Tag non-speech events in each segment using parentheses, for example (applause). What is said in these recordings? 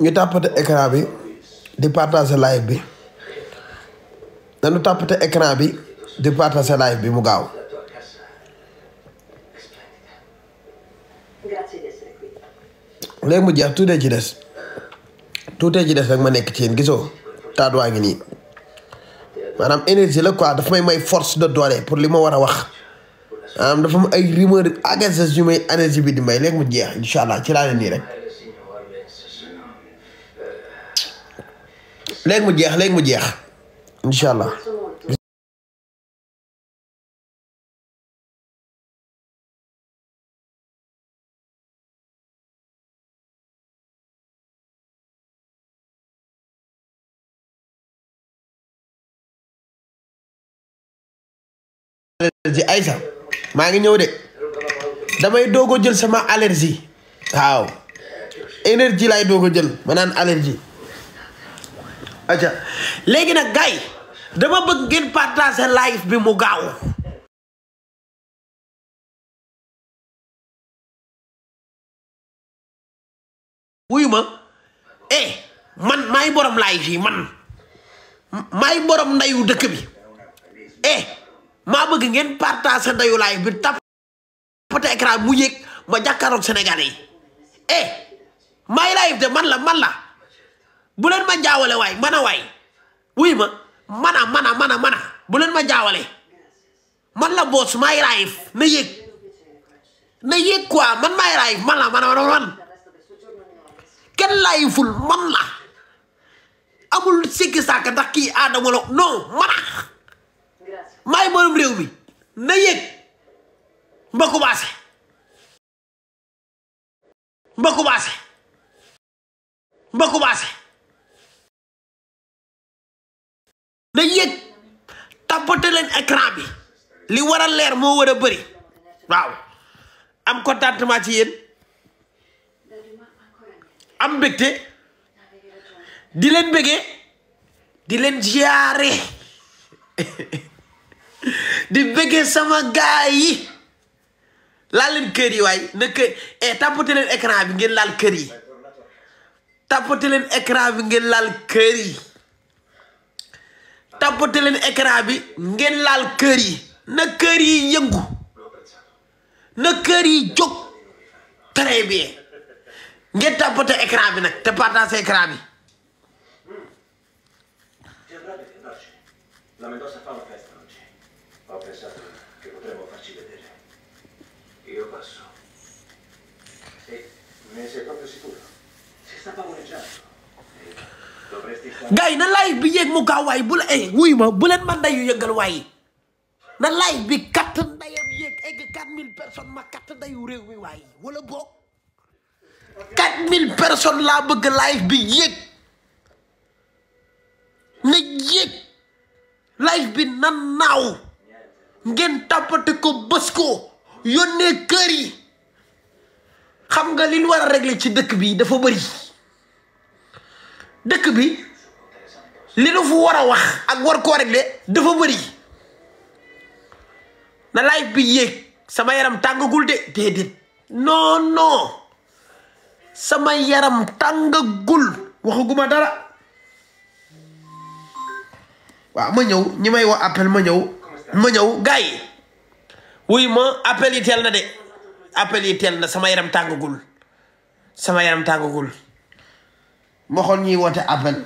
ñu tàppate écran bi di partager live bi dañu tàppate écran bi di partager live bi mu gaaw léegi mu jeex tuutee ci des tuutee ci des rek ma nekk ci yéen gisoo taat waa ngi nii maanaam énergie la quoi daf may may force de doole pour li ma war a wax dafa am ay rumeur agaces yu may énergie bi di may léegi mu jeex incha allah ci laa ne nii rek léegi mu jeex léegi mu jeex incha allah. énergie ay sax maa ngi ñëw de damay doog a jël sama allergie waaw énergie lay doog a jël ma naan allergie aja léegi nag gars dama bëgg ngeen partager live bi mu gaaw wuyu ma eh, man may borom lay yi man maay borom ndeyu dëkk bi eh maa bëgg ngeen partage ndeyu live bi tapote écran mu yéeg ma jàkkaaroog Sénégalais yi eh maay live de man la man la bu ma jaawale waay man a waay wuy ma man a man a man a man a bu leen ma jaawale man la boos maay live na yéeg na yéeg quoi man maay live man la man a man kenn liveul man la amul sikki sàkk ndax kii aada la non man a maay borom réew mi na yëg mba commencé mba commencé mba na yëg tapote leen écran bi li war a leer moo war a bëri waaw am contentement ci yéen am mbégte di leen bëggee di leen ziyaare (laughs) di bëggee sama gaay yi laal leen kër yi waay na kër eh, bi ngeen laal kër yi tapote leen bi ngeen laal kër yi tapote leen écran bi ngeen laal kër yi na kër yi yëngu na kër yi jóg très bien ngeen tapote écran bi nag te partage écran bi passo. Sì, ne sei proprio sicuro? Si sta paoneggiando. gars yi na live bi yéeg mu gaaw waay bu la eh wuy ma bu leen man dayu yëngal waay na live bi katt ndayam yéeg egg 4000 personnes ma katt ndayu réew mi waay wala boog 4000 personnes laa bëgg live bi yéeg na yéeg live bi na ngeen tàppate ko bës ko yónnee kër yi xam nga li ñu war a régler ci dëkk bi dafa bëri dëkk bi li nu fu war a wax ak war koo régler dafa bëri na live bi yéeg sama yaram tàngagul de déedéet non non sama yaram gul waxaguma dara waa ma ñëw ñi may wax appel ma ñëw ma ñëw gars wuy ma appel yi teel na de appel yi teel na sama yaram tàngagul sama yaram tàngagul ma xool ñuy woote appel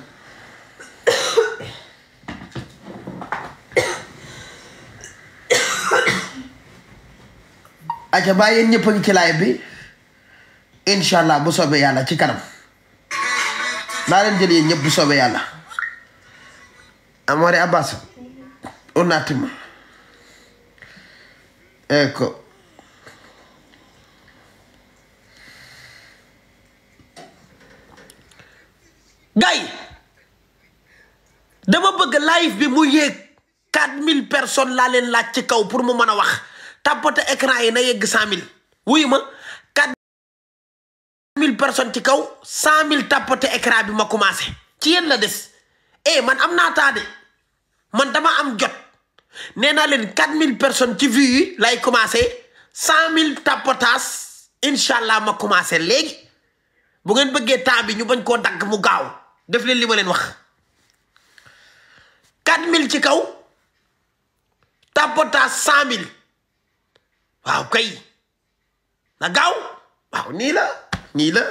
(coughs) aca baa yéen ngi ci laay bi incha allah bu soobee yàlla ci kanam naa leen jël yéen ñëpp bu soobee yàlla amoore abbas on Ecco. gay dama bëgg live bi mu yéeg mille personne laa leen laaj ci kaw pour mu mën a wax tàppate écran yi na yegg 100000 wuyu ma 4000 personnes ci kaw 100000 tàppate écran bi ma commencé ci yéen la des eh man am naa taade man dama am jot. nee naa leen mille personne ci vues yi lay commencé 100000 tapotas incha allah ma commencé léegi bu ngeen bëggee temps bi ñu bañ koo dagg mu gaaw def leen li ma leen wax 4000 ci kaw tapotas 100000 waaw kay na gaaw waaw nii la nii la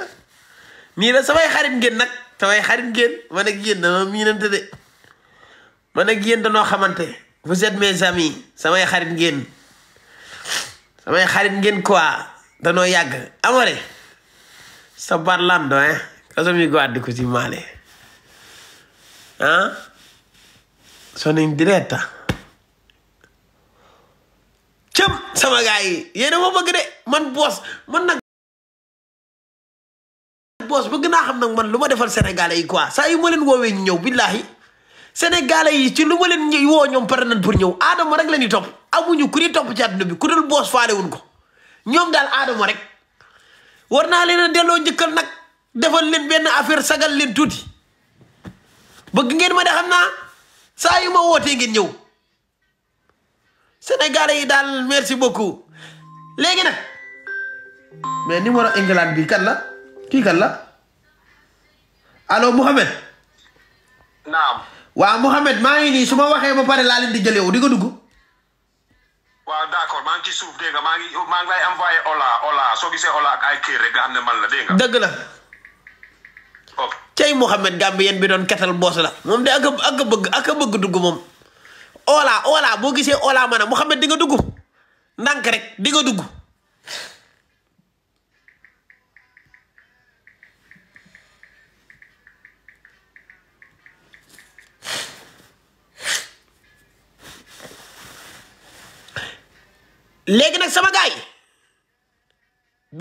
nii la samay xarit ngeen nag samay xarit ngeen man ak yéen danoo miinante de man ak yéen danoo xamante. vous êtes mes amis samay xarit ngeen samay xarit ngeen quoi danoo yàgg amare sa parlando eh cosa mi guardi così male ah sono in diretta cëm sama gaa yi yéena moo bëgg de man boos man nag boos bugg naa xam nag man lu ma defal sénégalais yi quoi saa yu ma leen woowee ñëw billahi sénégalais yi ci lu ma leen ñuy woo ñoom pare nan pour ñëw aadama rek la ñuy topp amuñu ku ñuy topp ci àdduna bi ku dul boos faale wuñ ko ñoom daal aadama rek war naa leen a delloo njëkkal nag defal leen benn affaire sagal leen tuuti bëgg ngeen ma de xam naa saa yu ma wootee ngeen ñëw sénégalais yi daal merci beaucoup léegi nag mais numéro England bi kan la kii kan la allo Mouhamed naam waaw Mouhamed maa ngi nii su ma waxee ba pare laa leen di jëlewu di nga dugg. waaw d' accord maa ngi ci suuf dégg nga maa ngi maa ngi lay envoyé ola ola soo gisee rek nga xam ne la dégg nga. dëgg la. ok tey Mouhamed Gambien bi doon ketal boos la moom de ak bëgg ak bëgg dugg moom. ola ola boo gisee ola ma ne Mouhamed di nga dugg ndànk rek di nga dugg. léegi nag sama gaay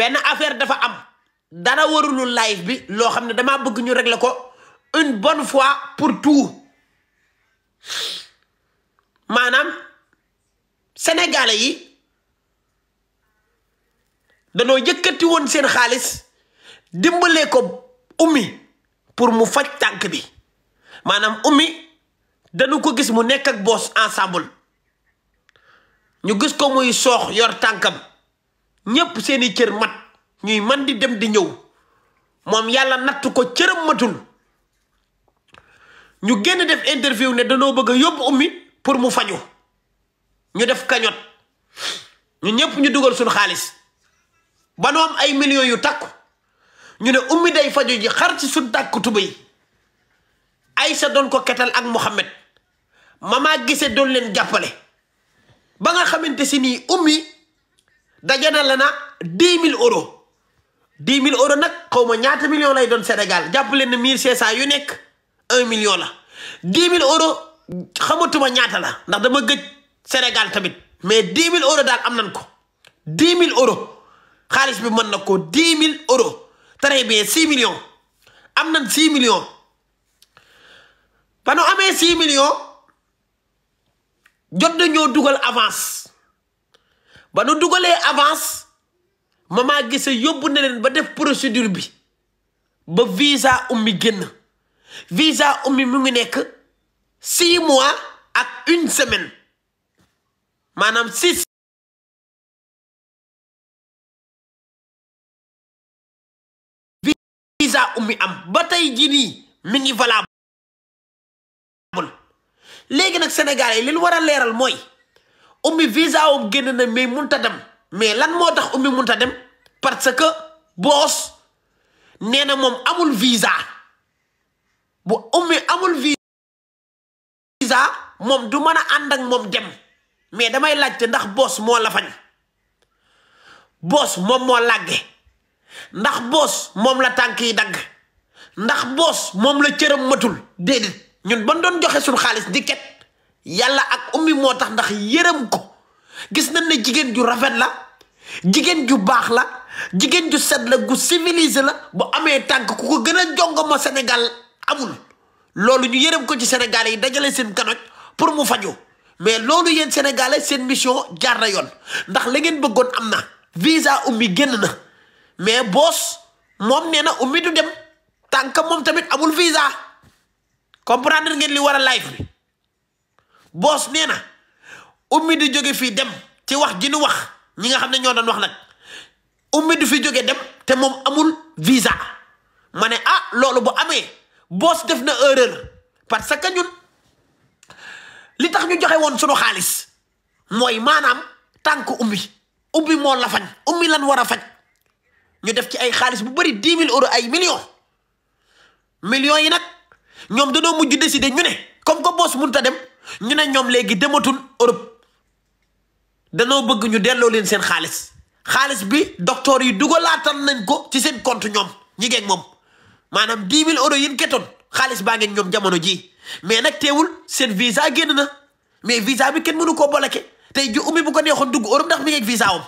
benn affaire dafa am dara warulu live bi loo xam ne damaa bëgg ñu régler ko une bonne fois pour tout maanaam sénégalais yi danoo yëkkati woon seen xaalis dimbalee ko ummi pour mu faj tànk bi maanaam ummi dañu ko gis mu nekk ak boss ensemble ñu gis ko muy soox yor tànkam ñépp seeni cër mat ñuy man di dem di ñëw moom yàlla natt ko cëram matul ñu génn def interview ne danoo bëgg a yóbbu ummi pour mu faju ñu def kañot ñu ñépp ñu dugal suñu xaalis ba noom ay millions yu takku ñu ne ummi day faju ji xar ci suñ tàkk tubéy Aïssa doon ko ketal ak Mohamed mama gise doon leen jàppale ba nga xamante si nii ummi na la na dix mille euros dix mille euros nag xaw ma ñaata million lay doon Sénégal jàpp leen ne mille cinq cent yu nekk un million la dix mille xam xamatuma ñaata la ndax dama gëj Sénégal tamit mais dix mille euros daal am nañ ko dix mille euros xaalis bi mën na ko dix mille euros très bien six million am nañ six million ba amee six million jot nañoo dugal avance ba nu dugalee avance mama gise yóbbu na leen ba def procédure bi ba visa ummi génn visa ummi mu ngi nekk six mois ak une semaine maanaam six visa ummi am ba tey jii nii ngi valable léegi nag Sénégal yi li ñu war a leeral mooy ummi visa wam génn na mais munta dem mais lan moo tax ummi munta dem parce que boos nee na moom amul visa bu ummi amul visa moom du mën a ànd ak moom dem mais damay laajte ndax boos moo la fañ boos moom moo làgge ndax boos moom la tànk yi dagg ndax boos moom la cëram matul déedéet ñun ban doon joxe suñu xaalis di ket yàlla ak ummi moo tax ndax yërëm ko gis nañ ne jigéen ju rafet la jigéen ju baax la jigéen ju set la gu civilisé la bu amee tànk ku ko gën a jongoma Sénégal amul loolu ñu yërëm ko ci Sénégal yi dajalee seen kanoj pour mu fajoo mais loolu yéen sénégalais seen mission jaar na yoon ndax la ngeen bëggoon am na visa ummi génn na mais boos moom nee na ummi du dem tànk moom tamit amul visa comprendre ngeen li war a live bi boos nee na ummi di jóge fii dem ci wax ji nu wax ñi nga xam ne ñoo doon wax nag ummi du fi jóge dem te moom amul visa ma ne ah loolu bu amee boos def na erreur parce que ñun li tax ñu joxe woon sunu xaalis mooy maanaam tànk ummi ummi moo la fañ ummi lan war a fañ ñu def ci ay xaalis bu bëri dix mille euros ay millions millions yi nag. ñoom dañoo mujj décider ñu ne comme que boos mënut a dem ñu ne ñoom léegi dematul Europe danoo bëgg ñu delloo leen seen xaalis xaalis bi docteur yi dugalaatal nañ ko ci seen compte ñoom ñi ngeeg moom maanaam dix mille euros yin ketoon xaalis baa ngeen ñoom jamono jii mais nag teewul seen visa génn na mais visa bi kenn mënu koo bloqué tey ju ummi bu ko neexoon dugg Europe ndax mi ngeeg visa am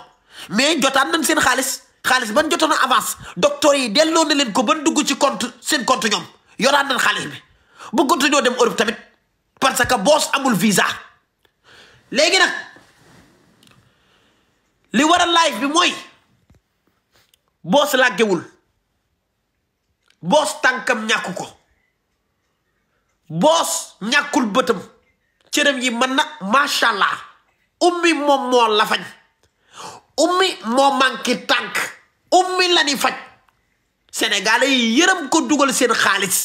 mais jotaan nañ seen xaalis xaalis ban jotoon a avance docteur yi delloo na leen ko ban dugg ci compte seen compte yoraat nañ xaalis bi bëggatu ñoo dem Europe tamit parce que boos amul visa léegi nag li war a live bi mooy boos làggewul boos tànkam ñàkku ko boos ñàkkul bëtam cërëm yi man na macha allah ummi moom moo la fañ ummi moo manqué tànk ummi la ni faj sénégalais yi yërëm ko dugal seen xaalis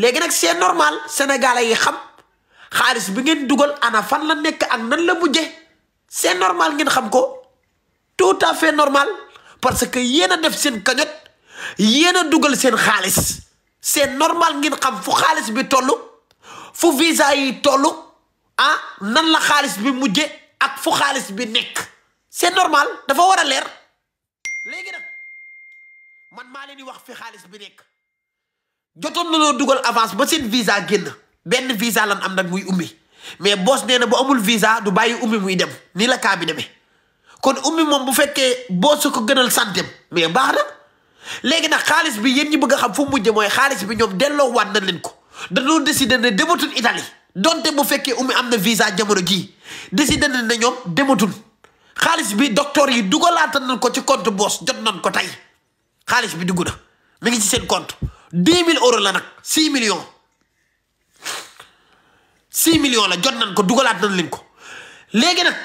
léegi nag seen normal sénégalais yi xam xaalis bi ngeen dugal ana fan la nekk ak nan la mujje seen normal ngeen xam ko tout à fait normal parce que yéen a def seen kañot yéen a dugal seen xaalis seen normal ngin xam fu xaalis bi toll fu visa yi toll ah nan la xaalis bi mujje ak fu xaalis bi nekk c'est normal dafa war a leer man maa leen di wax fi xaalis bi nekk. jotoon na loo dugal avance ba seen visa génn benn visa lan am nag muy ummi mais boss nee na bu amul visa du bàyyi ummi muy dem nii la kaa bi demee kon ummi moom bu fekkee boss su ko gënal santeem mais baax na léegi nag xaalis bi yéen ñi bëgg a xam fu mu mujj mooy xaalis bi ñoom delloo waat na leen ko dañoo décider ne dematul donte bu fekkee ummi am na visa jamono jii décider na ne ñoom dematul xaalis bi docteur yi dugalaatan nañ ko ci compte boos jot nañ ko tey. xaalis bi dugg na mi ngi ci seen compte dix mille euros la nag six millions six million la jot nañ ko dugalaat nañ leen ko léegi nag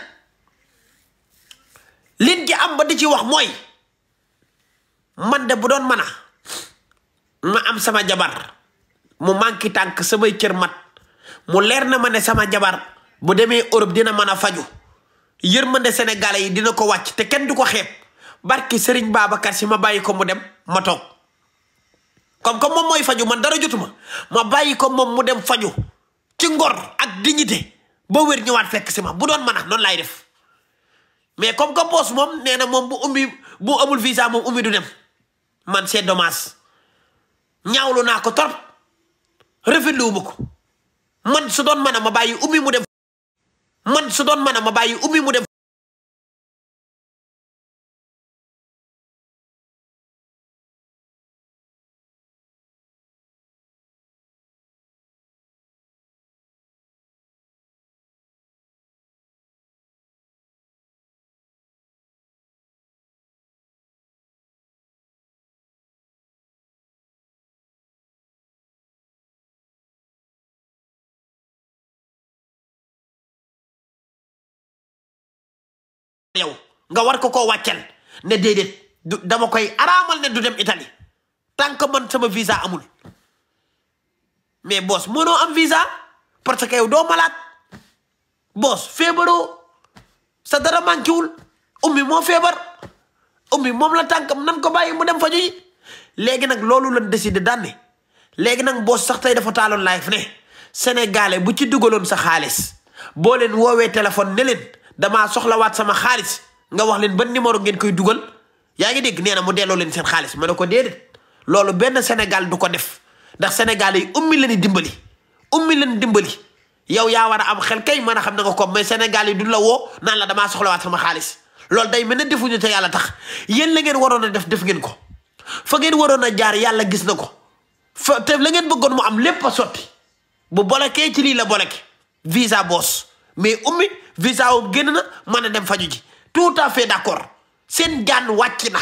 liñ ci am ba di ci wax mooy man de bu doon mën a ma am sama jabar mu manqué tànk samay cër mat mu leer na ma ne sama jabar bu demee Europe dina mën a faju yërmande Sénégalais yi dina ko wàcc te kenn du ko xeeb barki Serigne Babacar si ma bàyyi ko mu dem ma toog comme comme moom mooy faju man dara jotuma ma bàyyi ko moom mu dem faju ci ngor ak dignité boo wér ñëwaat fekk si ma bu doon mana a noonu laay def mais comme que poos moom nee na moom bu ummi bu amul visa moom ummi du dem man c'est dommage ñaawlu naa ko trop rafetluwu ma ko man su doon mën a ma bàyyi ummi mu dem man su doon mën a ma bàyyi ummi mu dem yow nga war ko koo wàccel ne déedéet du dama koy araamal ne du dem Italie tant que man sama visa amul mais boos mënoo am visa parce que yow doo malaat boos feebaroo sa dara manquéwul ummi moo feebar ummi moom la tànkam nan ko bàyyi mu dem fa yi léegi nag loolu lañ décidé daan ne léegi nag boos sax tey dafa taaloon live ne sénégalais bu ci dugaloon sa xaalis boo leen woowee téléphone ne leen damaa soxlawaat sama xaalis nga wax leen ban numéro ngeen koy dugal yaa ngi dégg nee na mu delloo leen seen xaalis ma ne ko déedéet loolu benn Sénégal du ko def ndax Sénégal yi ummi leen dimbali ummi leen dimbali yow yaa war a am xel kay mën a xam na nga ko mais Sénégal yi du la woo naan la damaa soxlawaat sama xaalis loolu day mel ne defuñu te yàlla tax yéen la ngeen waroon a def def ngeen ko fa ngeen waroon a jaar yàlla gis na ko fa te la ngeen bëggoon mu am lépp a sotti bu bolekee ci lii la boleke visa visa wam génn na mën a dem faju ji tout à fait d'accord seen jaan wàcc na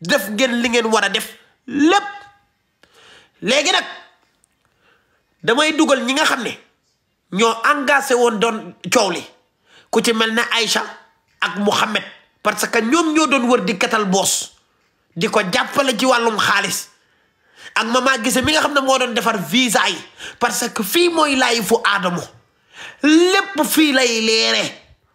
def ngeen li ngeen war a def lépp léegi nag damay dugal ñi nga xam ne ñoo engagé woon doon coow li ku ci mel ne Aïcha ak Mouhamed parce que ñoom ñoo doon wër di katal boos di ko jàppale ci wàllum xaalis ak mama gise mi nga xam ne moo doon defar visa yi parce que fii mooy laayi fu aadamo lépp fii lay leere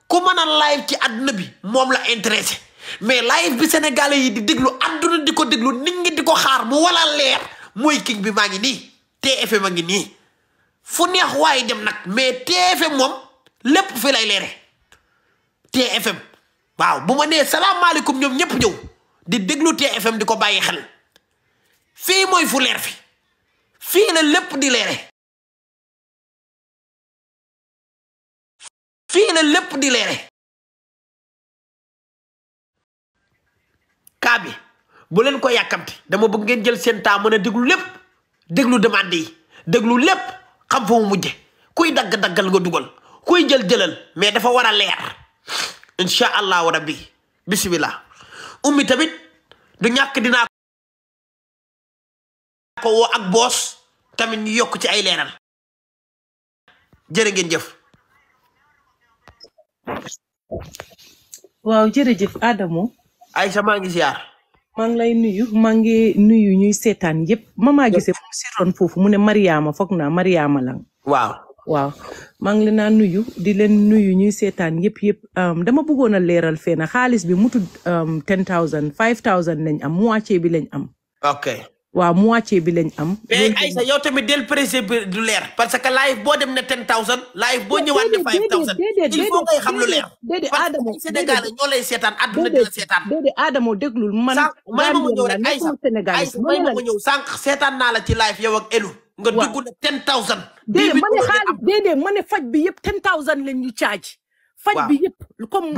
ku mën a live ci àdduna bi moom la intéressé mais live bi sénégalais yi di déglu àdduna di ko déglu nit ñi di ko xaar mu wala leer mooy king bi maa ngi nii TFM a ngi nii fu neex waaye dem nag mais TFM moom lépp fii lay leere TFM waaw bu ma nee salaamaaleykum ñoom ñëpp ñëw di déglu TFM di ko bàyyi xel fii mooy fu leer fi fii la lépp di leere fii la lépp di leere kaa bi bu leen ko yàkkamti dama bëgg ngeen jël seen temps mën a déglu lépp déglu demande yi déglu lépp xam fa mu mujje kuy dagg-daggal nga dugal kuy jël-jëlal mais dafa war a leer incha allahu rabbi bismillah ummi tamit du ñàkk dinaa ko woo ak boos tamit ñu yokk ci ay leeral jërë ngeen jëf waaw jërëjëf Adamo ay maa ngi ziar. maa ngi lay nuyu maa ngi nuyu ñuy seetaan yëpp mama gisee fu si ron foofu mu ne Mariama foog naa Mariama la. waaw waaw maa ngi leen naa nuyu di leen nuyu ñuy seetaan yëpp yëpp um, dama bëggoon a leeral fee na xaalis bi mu tudd um, ten thousand five thousand lañ am moitié bi lañ am. ok. waaw moitié bi lañ am. mais Aïssa yow tamit del pressé du leer parce que live boo dem ne 10000 live boo ñëwaat ne 5000 il faut ngay xam lu leer. déedéet Adamo Sénégal ñoo lay seetaan àdduna di la seetaan. déedéet Adamo déglul man. sànq may ma ma ñëw rek Aïssa Aïssa may ma ma ñëw sànq seetaan naa la ci live yow ak Elou. nga dugg ne 10000. déedéet ma ne xaalis déedéet ma ne faj bi yëpp 10000 lañ ñu caaj. faj bi yëpp comme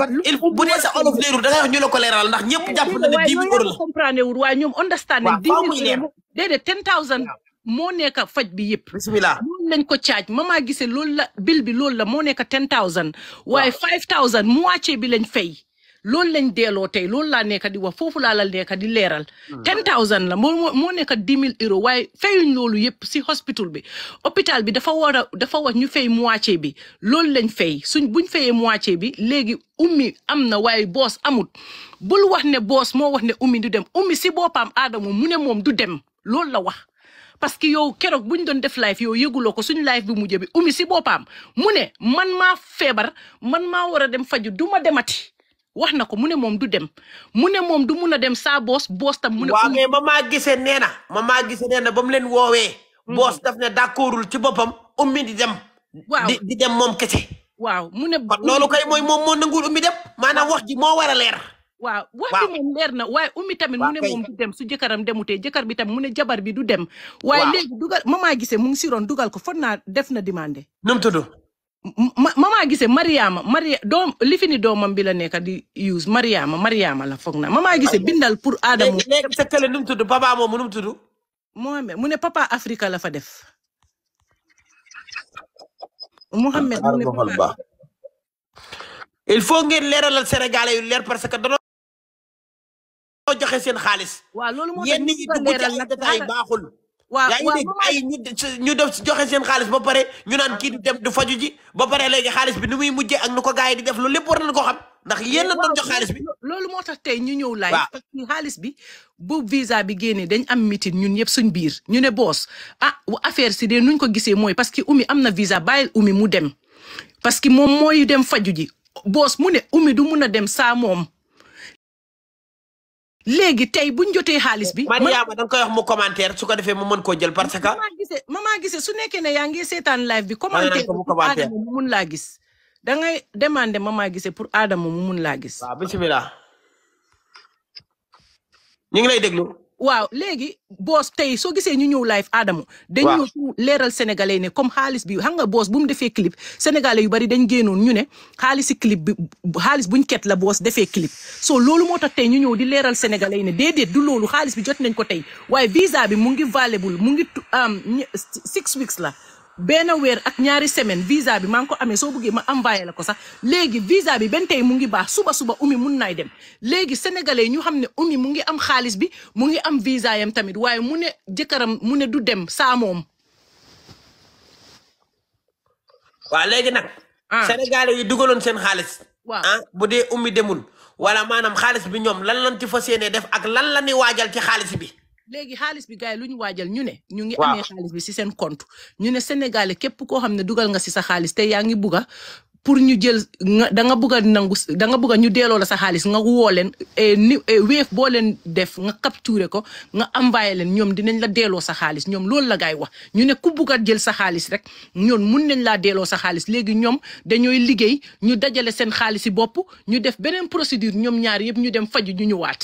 bu dee sa olof leerul da ngay wax ñu la ko leeral ndax ñëpp jàpp na ne diw bi góor la comprendre wul waaye ñoom understand ne diw bi déedéet ten thousand moo nekk faj bi yëpp bismillah loolu lañ ko caaj mama gisee loolu la bil bi loolu la moo nekk ten thousand waaye five thousand moitié bi lañ fay loolu lañ deeloo tey loolu laa nekk di wax foofu laa la nekk di leeral. Hmm. ten thousand la moo moo nekk dix mille euros waaye fayuñ loolu yëpp si hospital bi. hôpital bi dafa war a dafa war ñu fay moitié bi loolu lañ fay suñ buñ fayee moitié bi léegi ummi am na waaye boos amut bul wax ne boos moo wax ne ummi du dem ummi si boppam aadama mu ne moom du dem loolu la wax. parce que yow keroog bu ñu doon def live yow yëguloo ko suñu live bi mujj bi umi si boppam mu ne man maa feebar man maa war a dem faju du ma demati wax na ko mu ne moom du dem mu ne moom du mun a dem saa boos boos tam. mu ne waaw mais maman gisee nee na ma gisee nee na ba mu leen woowee. Mhm. boos daf ne d'accordul ci boppam ummi di dem. waaw di dem moom kese. waaw mu ne. loolu kay mooy moom moo nanguwul ummi dem maanaam wax ji moo war a leer. waaw wax bi moom leer na waaye ummi tamit mu ne moom du dem su jëkkëram demutee jëkkër bi tamit mu ne jabar bi du dem. waaye léegi dugal maman gisee mu ngi si roon dugal ko foog naa def na demandé. nu mu tudd ma mama gisee Mariama Maria doom li fi ni doomam nekk di use Mariama Mariama la foog na mama gise bindal pour Adamu. léegi sa kële nu mu papa moomu nu mu tudd. Mohamed ne papa Africa la fa def. Mohamed mu ne papa. il faut ngeen leeralal Sénégalais yu leer parce que danoo joxe seen xaalis. waa loolu moo tax ñu ngi leeral nag yéen nit baaxul. waaw yaa ngi dégg ay ñu def joxe seen xaalis ba pare ñu naan kii di dem du faju ji ba pare léegi xaalis bi ni muy mujjee ak nu ko gars yi di def loolu lépp war ko xam ndax yéen la doon jox bi. loolu moo tax tey ñu ñëw laaj. parce que xaalis bi bu visa bi génnee dañ am meeting ñun yëpp suñ biir ñu ne boos ah affaire si de nuñ ko gisee mooy parce que umi am na visa bàyyil umi mu dem parce que moom mooy dem faju ji boos mu ne umi du mun a dem saa moom. léegi tey buñ jotee xaalis bi. man yaa ma da nga koy wax mu commentaire su ko defee mu mën koo jël parce que. ma maa maman gisee su nekkee ne yaa ngi seetaan live bi. commentaire ko mu commentaire Adama mu mun laa gis. da ngay demander maa gisee pour Adama mu mun laa gis. waaw bisimilah. ñu ngi lay déglu. waaw léegi boos tey soo gisee ñu ñëw live Adamo dañu ñëw leeral sénégalais ne comme xaalis bi xam nga boos bu mu defee clip sénégalais yu bari dañ génnoon ñu ne xaalisi clip bi xaalis buñ ket la boos defee clip so loolu moo tax tey ñu ñëw di leeral sénégalais ne déedéet du loolu xaalis bi jot nañ ko tey waaye visa bi mu ngi valable mu ngi six weeks la benn weer ak ñaari semaine visa bi maa ngi ko amee soo bëggee ma envoyé la ko sax léegi visa bi benn tey mu ngi baax suba suba umi mun naay dem léegi sénégalais ñu xam ne umi mu ngi am xaalis bi mu ngi am visa yam tamit waaye mu ne jëkkëram mu ne du dem saa moom. waaw léegi nag. Ah. sénégalais yi dugaloon seen xaalis. waaw ah bu dee umi demul. wala maanaam xaalis bi ñoom lan lan ci fas yéene def ak lan la ñuy waajal ci xaalis bi. léegi xaalis bi gars yi lu ñu waajal ñu ne. ñu ngi amee xaalis bi si seen compte. ñu ne Sénégalais képp koo xam ne dugal nga si sa xaalis te yaa ngi bugg a pour ñu jël da nga bugg a nangu da bugg a ñu delloo la sa xaalis nga woo leen e, ni e, weef boo leen def nga capturer ko nga envoyé leen ñoom dinañ la delloo sa xaalis ñoom loolu la gaay wax ñu ne ku bugg jël sa xaalis rek ñoom mun nañ laa delloo sa xaalis léegi ñoom dañooy liggéey ñu dajale seen xaalis bopp ñu def beneen procédure ñoom ñaar yëpp ñu dem faju ñu ñëwaat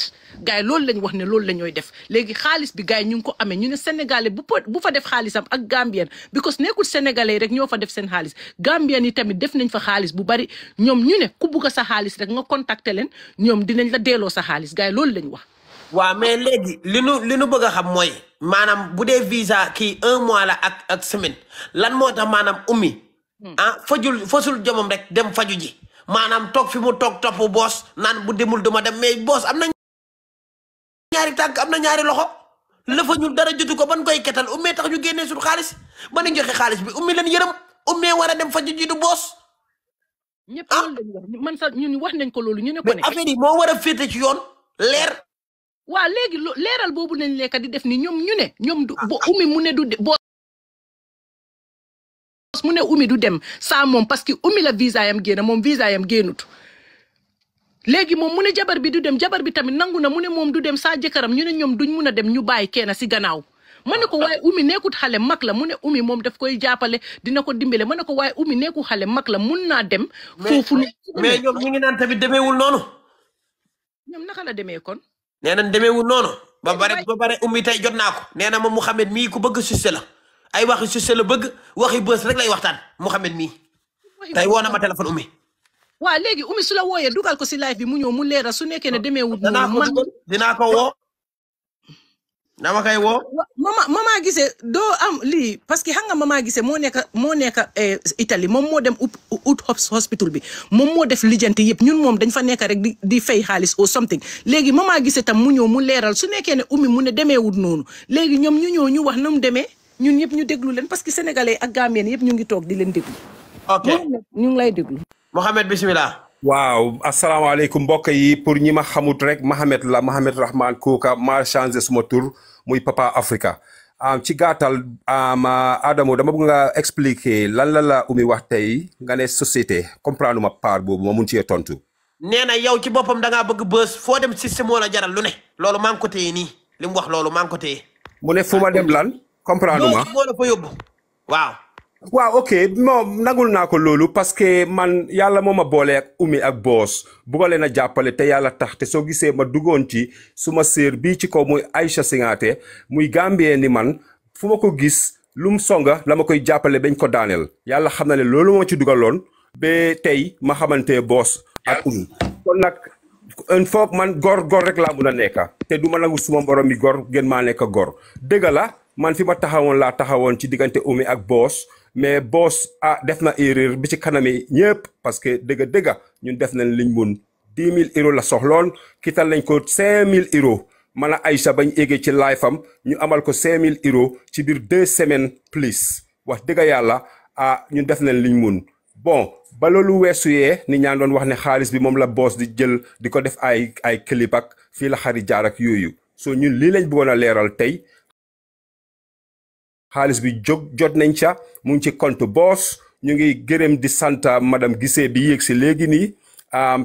gaay yi loolu lañ wax ne loolu la ñooy def léegi xaalis bi gaay yi ñu ngi ko amee ñu ne sénégalais bu bu fa def xaalisam ak gambien because nekkul sénégalais rek ñoo fa def seen xaalis gambien yi def nañ fa xaalis bu bari ñoom ñu ne ku bugg sa xaalis rek nga contacter leen ñoom dinañ la delloo sa xaalis gars yi loolu lañ wax. waaw mais léegi li li nu bëgg a xam mooy maanaam bu dee visa kii un mois la ak ak semaine lan moo tax maanaam ummi. Hmm. ah fajul fasul jomam rek dem faju ji maanaam toog fi mu toog topp boos naan bu demul duma dem mais boos am na ñaari tànk am na ñaari loxo lafa ñu dara jotu ko ban koy ketal ummee tax ñu génnee suñu xaalis ba ñu joxe xaalis bi ummi leen yërëm ummee war a dem faju ji du boos ñëpp ah. loolu lañu man sax ñun wax nañ ko loolu ñu ne ko ne. mais affaire yi moo war a féete ci yoon leer. waa léegi leeral boobu lañ lekk di def ni ñoom ñu ne ñoom du ah. ba umi mu ne du de boos mu ne umi du dem saa moom parce que umi la visa yam génn moom visa yam génnut léegi moom mu ne jabar bi du dem jabar bi tamit nangu na mu ne moom du dem saa jëkkëram ñu ne ñoom duñ mun a dem ñu bàyyi kenn si ganaaw ma ne ko waaye umi nekkut xale mag la mu ne umi moom daf koy jàppale dina ko dimbale ma ne ko waaye umi nekku xale mag la mun na dem. foofu mais ñoom ñu ngi naan tamit demeewul noonu. ñoom naka la demee kon. nee na demeewul noonu. ba bare ba bare umi tey jot naa ko nee na ma Mouhamed mii ku bëgg succès la ay waxi succès la bëgg waxi bës rek lay waxtaan Mouhamed mii. tey woo na ma téléphone umi. waa léegi umi su la wooyee dugal ko si live bi mu ñëw mu leeral su nekkee ne demeewul. dinaa ko dinaa ko woo ma dama koy woo. ma mama gisee doo am lii parce que xam ma mama gisee moo nekk moo nekk eh, itali moom moo dem ut hospital bi moom moo def lijjanti yëpp ñun moom dañ fa nekk rek di di xaalis o something léegi ma mama gisee tam mu ñëw mu leeral su nekkee ne ummi mu ne wut noonu léegi ñoom ñu ñëw ñu wax na mu demee ñun yëpp ñu déglu leen parce que sénégalais ak gambien yëpp ñu ngi toog di leen déglu. ok ñu ngi lay déglu. Mohamed bismillah. waaw asalaamaaleykum mbokk yi pour ñi ma xamut rek Mahamed la Mahamed Rahman Kuka maa changé suma tur muy Papa Africa ci gàttal ma Adamo dama bëgg nga expliquer lan la la umi wax tey nga ne société comprendre ma part boobu ma mun cee tontu. nee na yow ci boppam da ngaa bëgg bës foo dem système moo la jaral lu ne. loolu maa ngi ko li mu wax loolu maa ngi ko téye. mu dem lan comprendre ma loolu moo waaw. waaw ok moom nagul naa ko loolu parce que man yàlla moo ma boole ak umi ak boos bugga leen a jàppale te yàlla tax te soo gisee ma duggoon ci suma séer bii ci kaw muy Aïcha Singaate muy Gambien ni man fu ma ko gis lu mu songa la ma koy jàppale bañ ko daaneel yàlla xam na ne loolu moo ci dugaloon ba tey ma xamante boos ak umi nag foog man gor gor rek laa mun a nekka te du ma nangu suma mborom mi gor gën maa nekk gor dëgg la man fi ma taxawoon laa taxawoon ci diggante umi ak boos mais boos ah def na erreur bi ci kanami ñëpp parce que dëgg dëgg ñun def nañ liñ mun dix mille euros la soxloon kital nañ ko cinq mille euros man a Aïcha bañ eggee ci laay fam ñu amal ko cinq mille euros ci biir deux semaines plus wax dëgg yàlla ah ñun def nañ liñ mun bon ba loolu weesu yee ni ñaa doon wax ne xaalis bi moom la boos di jël di ko def ay ay clip ak fii la xari jaarak yooyu soo ñu lii lañ buggoon a leeral tey xaalis bi jóg jot nañ ca mu ngi ci compte boos ñu ngi gërëm di sant madam Guissé bi yéeg si léegi nii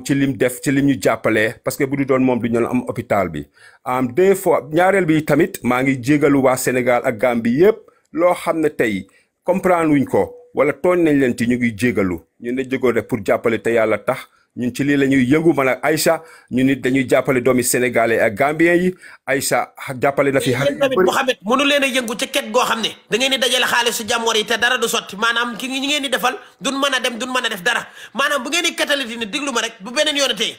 ci lim def ci lim ñu jàppale parce que bu du doon moom du ñu am hôpital bi am des fois ñaareel bi tamit maa ngi jégalu waa Sénégal ak Gambie yépp loo xam ne tey comprendre wuñ ko wala tooñ nañ leen ti ñu ngi jégalu ñu ne jégoon rek pour jàppale te yàlla tax ñun ci lii la ñuy yëngu man ak Aïcha ñu nit dañuy jàppale doomi sénégalais ak gambien yi Aïcha jàppale na fi. yéen tamit Mouhamed mënu leen a yëngu ci ket goo xam ne da ngeen di dajale xaalisu jàmbur yi te dara du sotti maanaam ki ñi ngeen di defal duñ mën a dem duñ mën a def dara maanaam bu ngeeni di catalyse ne diglu ma rek bu beneen yoonatee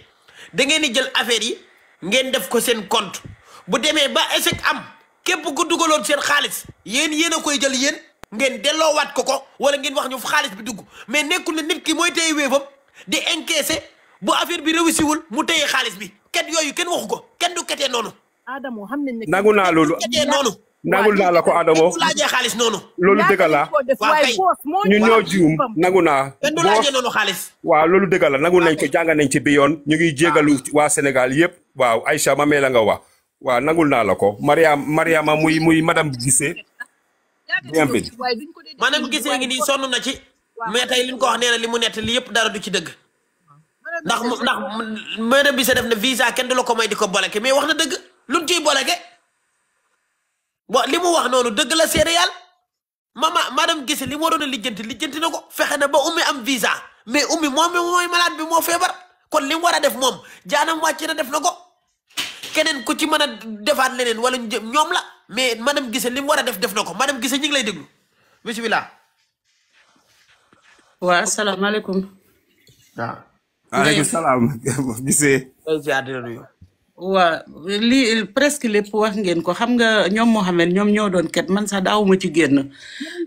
da ngeen di jël affaire yi ngeen def ko seen conte bu demee ba échec am képp ko dugaloon seen xaalis yéen yéen a koy jël yéen ngeen delloowaat ko ko wala ngeen wax ñu xaalis bi dugg mais nekkul ne nit ki mooy téye wéefam di encaisser bu affaire bi wul mu téye xaalis bi ket yooyu kenn waxu ko kenn du ketee noonu. Adamo xam nañ ne nangu naa loolu ketee noonu. nangul naa la ko Adamo laajee xaalis noonu. loolu dëgg la waaw kay ñun nangu naa. kenn du laajee noonu xaalis. waaw loolu dëgg la nangu nañ ko jàng nañ ci bi yoon ñu ngi jégalu waa Sénégal yëpp waaw ay ma mee la nga wax waaw nangul naa la ko Mariam Mariama muy muy madame Guissé. bien fait maanaam Guissé ngi na ci. mais tey li ñu ko wax nee na li mu nett li yëpp dara du ci dëgg. ndax mu ndax madame bi sa def na visa kenn du la ko may di ko boleke mais wax na dëgg luñ ciy boleke bon li mu wax noonu dëgg la céréale mama madame gise li mu waroon a lijjanti lijjanti na ko fexe na ba ummi am visa mais ummi moom mi mooy malade bi moo feebar kon li mu war a def moom jaanam wàcc na def na ko keneen ku ci mën a defaat leneen wala ñu jëm ñoom la mais madame gise li mu war a def def na ko madame gise ñu ngi lay déglu bisimilah. waa asalaamaaleykum. waaw. Ah. Ah, maaleykum salaam. (laughs) lii presque lépp wax ngeen ko xam nga ñoom moo Mouhamed ñoom ñoo doon ket man sax daawuma ci génn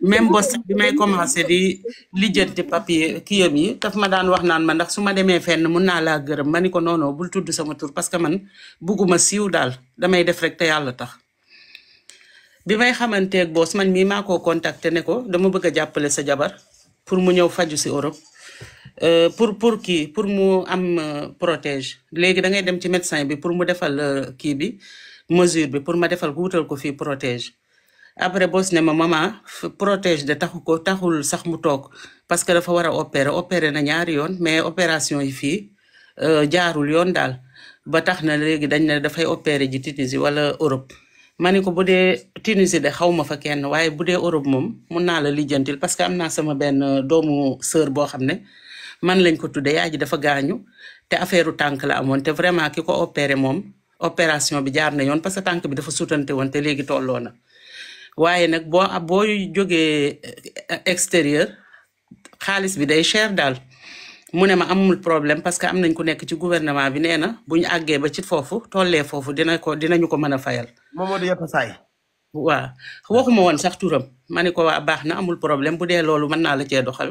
même bos sax bi may commencé di lijjanti papier kiyam yi daf ma daan wax naan ma ndax su ma demee fenn mun naa laa gërëm ma ni ko noonoo bul tudd sama tur parce que man bugguma siiw daal damay def rek te yàlla tax bi may xamanteeg bos man mii maa koo contacté ne ko dama bëgg a jàppale sa jabar pour mu ñëw faju si Europe euh, pour pour kii pour mu am euh, protège léegi da ngay dem ci médecin bi pour mu defal euh, kii bi mesure bi pour ma defal ko wutal ko fii protège après boo si ne ma maman protège de taxu ko taxul sax mu toog parce que dafa war a opérer opérer na ñaari yoon mais opération yi fii jaarul yoon daal ba tax na léegi dañ ne dafay opérer ji si wala Europe ma ni ko bu dee Tunisie de xaw fa kenn waaye bu dee Europe moom mun naa la lijjantil parce que am naa sama benn doomu sœur boo xam ne man lañ ko tuddee yaay ji dafa gaañu te affaire tànk la amoon te vraiment ki ko opéré moom opération bi jaar na yoon parce que tànk bi dafa sutante woon te léegi tolloo waaye nag boo boo jógee eh, extérieur xaalis bi day cher daal mu ne ma amul problème parce que am nañ ku nekk ci gouvernement bi nee na bu ñu àggee ba ci foofu tollee foofu dina ko dinañu ko mën a fayal Mamadou Yatta Saay waaw waxuma woon sax turam ma ne ko waa baax na amul problème bu dee loolu mën naa la cee doxal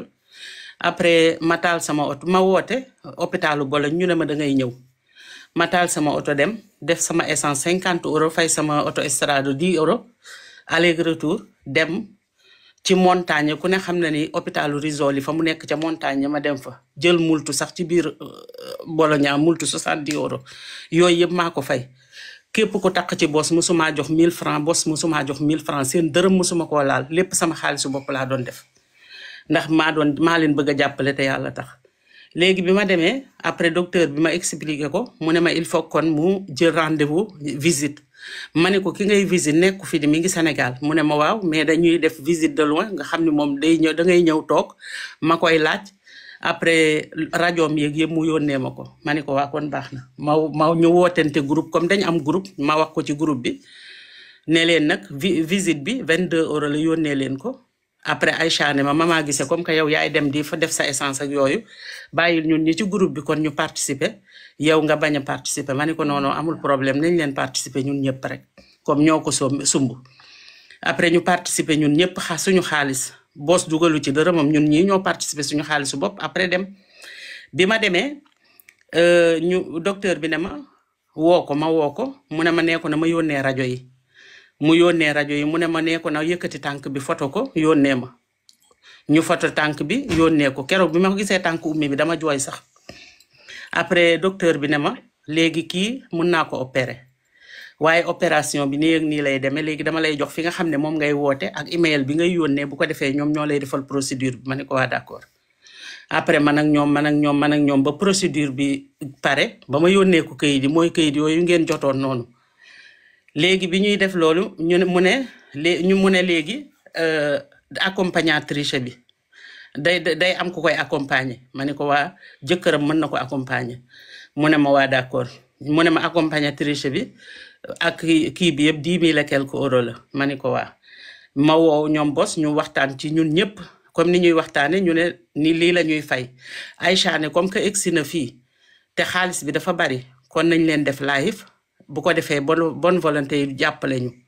après ma sama oto ma woote hôpitalu Bologne ñu ne ma da ngay ñëw ma sama oto dem def sama essence cinquante euro fay sama oto estrade di euro aller dem ci montagne ku ne xam ne ni hôpitalu Risoli fa mu nekk ca montagne ma dem fa jël multu sax ci biir euh, Bologne multu soixante di euro yooyu yëpp maa ko fay képp ku takk ci bos mosuma jox 1000 francs bos mosuma jox mille francs seen dërëm mosuma ko laal lépp sama xaalisu bopp laa doon def ndax maa doon maa leen bëgg a jàppale te yàlla tax. léegi bi ma demee après docteur bi ma expliqué ko mu ne ma il faut kon mu jël rendez-vous visite ma ne ko ki ngay visite nekku fi di mi ngi Sénégal mu ne ma waaw mais dañuy def visite de loin nga xam ne moom day ñëw da ngay ñëw toog ma koy laaj. après rajoom yeeg yëpp mu yónnee ma ko ma ne ko waa kon baax na ma ma ñu wootente groupe comme dañ am groupe ma wax ko ci groupe bi ne leen nag visite bi 22 euros la yónnee leen ko après Aïcha ne ma mamaa gisee comme que yow yaay dem di fa def sa essence ak yooyu bàyyil ñun ñu ci groupe bi kon ñu participer yow nga bañ a participer ma ne ko noonu amul problème nañ leen participer ñun ñëpp rek comme ñoo ko sumb après ñu participer ñun ñëpp xa suñu xaalis. boos dugalu ci dara moom ñun ñii ñoo participer suñu xaalisu bopp après dem bi ma demee euh, ñu docteur bi ne ma woo ko ma woo ko mu ne ma nee na ma yónnee rajo yi mu yónnee rajo yi mu ne ma nee na yëkkati tànk bi foto ko yónnee ma ñu foto tànk bi yónnee ko keroog bi ma ko gisee tànk ummi bi dama jooy sax après docteur bi ne ma léegi kii mun naa ko opérer waaye opération bi nii ak nii lay demee léegi dama lay jox fi nga xam ne moom ngay woote ak email bi ngay yónnee bu ko defee ñoom ñoo lay defal procédure bi ma ne ko waa d'accord man ak ñoom man ak ñoom man ak ñoom ba procédure bi pare ba ma yónnee ko kayit yi mooy kayit yooyu ngeen jotoon noonu léegi bi ñuy def loolu ñu ne mu ne lé ñu mu ne léegi euh, accompagnatrice bi day day am ku koy accompagner ma ne ko waa jëkkëram mën na ko accompagner mu ne ma waa d'accord mu ne ma accompagnatrice bi ak kii bi yëpp dix mille ko quelque euro la ma ni ko waa ma ñoom bos ñu waxtaan ci ñun ñëpp comme ni ñuy waxtaane ñu ne ni lii la ñuy fay Aïcha ne comme que egsi na fii te xaalis bi dafa bari kon nañ leen def live bu ko defee bon bonne volonté yi jàppale ñu